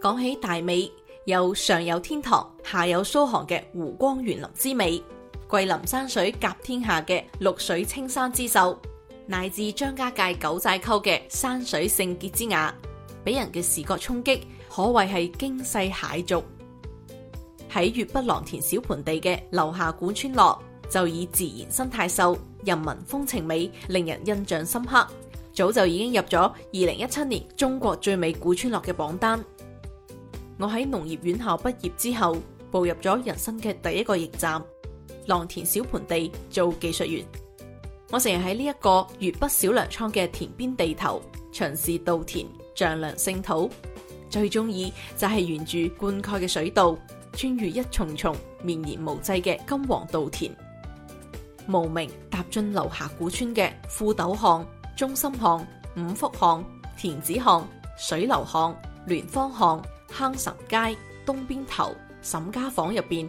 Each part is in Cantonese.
講起大美，有上有天堂，下有蘇杭嘅湖光園林之美；桂林山水甲天下嘅綠水青山之秀，乃至張家界九寨溝嘅山水聖潔之雅，俾人嘅視覺衝擊可謂係驚世駭俗。喺粵北廊田小盆地嘅樓下古村落，就以自然生態秀、人文風情美，令人印象深刻，早就已經入咗二零一七年中國最美古村落嘅榜單。我喺農業院校畢業之後，步入咗人生嘅第一個驛站，廊田小盆地做技術員。我成日喺呢一個粵北小糧倉嘅田邊地頭，巡視稻田，丈量聖土，最中意就係沿住灌溉嘅水道，穿越一重重綿延無際嘅金黃稻田，慕名踏進樓下古村嘅富斗巷、中心巷、五福巷、田子巷、水樓巷、聯芳巷。坑蜃街東邊頭沈家坊入邊，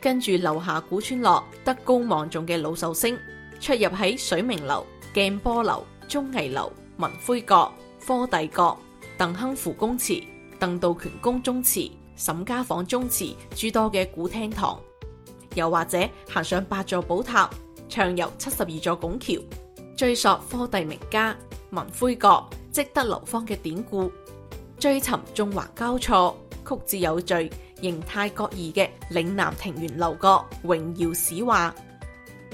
跟住樓下古村落德高望重嘅老壽星出入喺水明樓、鏡波樓、忠毅樓、文魁閣、科第閣、鄧亨甫公祠、鄧道權公宗祠、沈家坊宗祠諸多嘅古廳堂，又或者行上八座寶塔，暢遊七十二座拱橋，追索科第名家、文魁閣積德流芳嘅典故。追尋縱橫交錯、曲折有序、形態各異嘅嶺南庭園樓閣、榮耀史話，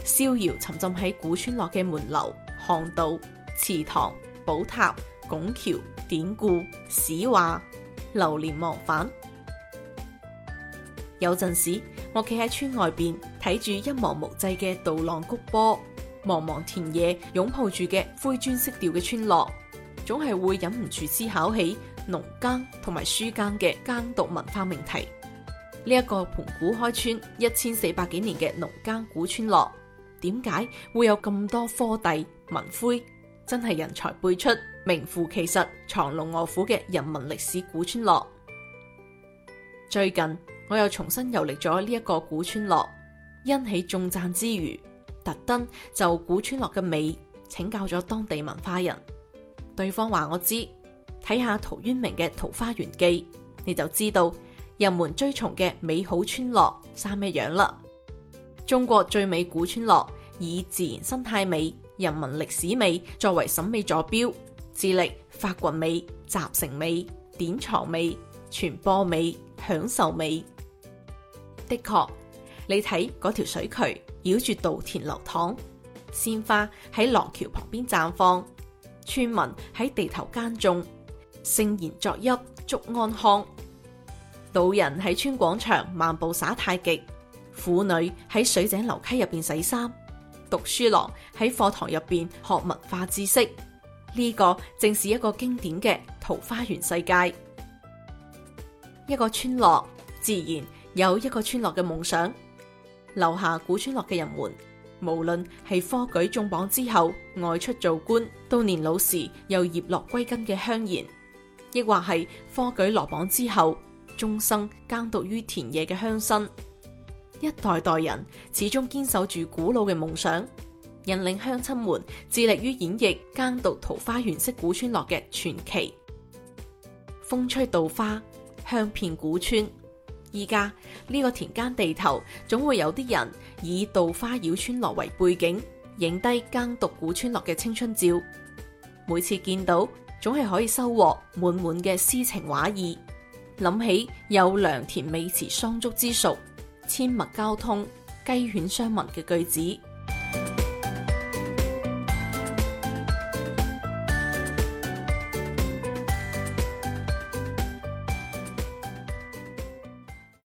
逍遙沉浸喺古村落嘅門樓、巷道、祠堂、寶塔、拱橋、典故、史話，流連忘返。有陣時，我企喺村外邊睇住一望無際嘅稻浪谷波，茫茫田野擁抱住嘅灰磚色調嘅村落，總係會忍唔住思考起。農耕同埋書耕嘅耕讀文化命題，呢、這、一個盤古開村一千四百幾年嘅農耕古村落，點解會有咁多科第文魁？真係人才輩出，名副其實，藏龍臥虎嘅人文歷史古村落。最近我又重新遊歷咗呢一個古村落，欣喜頌讚之餘，特登就古村落嘅美請教咗當地文化人，對方話我知。睇下陶淵明嘅《桃花源記》，你就知道人們追崇嘅美好村落生咩樣啦。中國最美古村落以自然生態美、人文歷史美作為審美坐標，致力發掘美、集成美、典藏美、傳播美、享受美。的確，你睇嗰條水渠繞住稻田流、流淌，鮮花喺廊橋旁邊綻放，村民喺地頭耕種。聖賢作揖，祝安康。老人喺村廣場漫步耍太極，婦女喺水井流溪入邊洗衫，讀書郎喺課堂入邊學文化知識。呢、這個正是一個經典嘅桃花源世界。一個村落自然有一個村落嘅夢想。樓下古村落嘅人們，無論係科舉中榜之後外出做官，到年老時又葉落歸根嘅鄉賢。亦或係科舉落榜之後，終生耕讀於田野嘅鄉紳，一代代人始終堅守住古老嘅夢想，引領鄉親們致力於演繹耕讀桃花源式古村落嘅傳奇。風吹稻花，香遍古村。依家呢個田間地頭，總會有啲人以稻花繞村落為背景，影低耕讀古村落嘅青春照。每次見到，總係可以收穫滿滿嘅詩情畫意。諗起有良田美池桑竹之屬，阡陌交通，雞犬相聞嘅句子。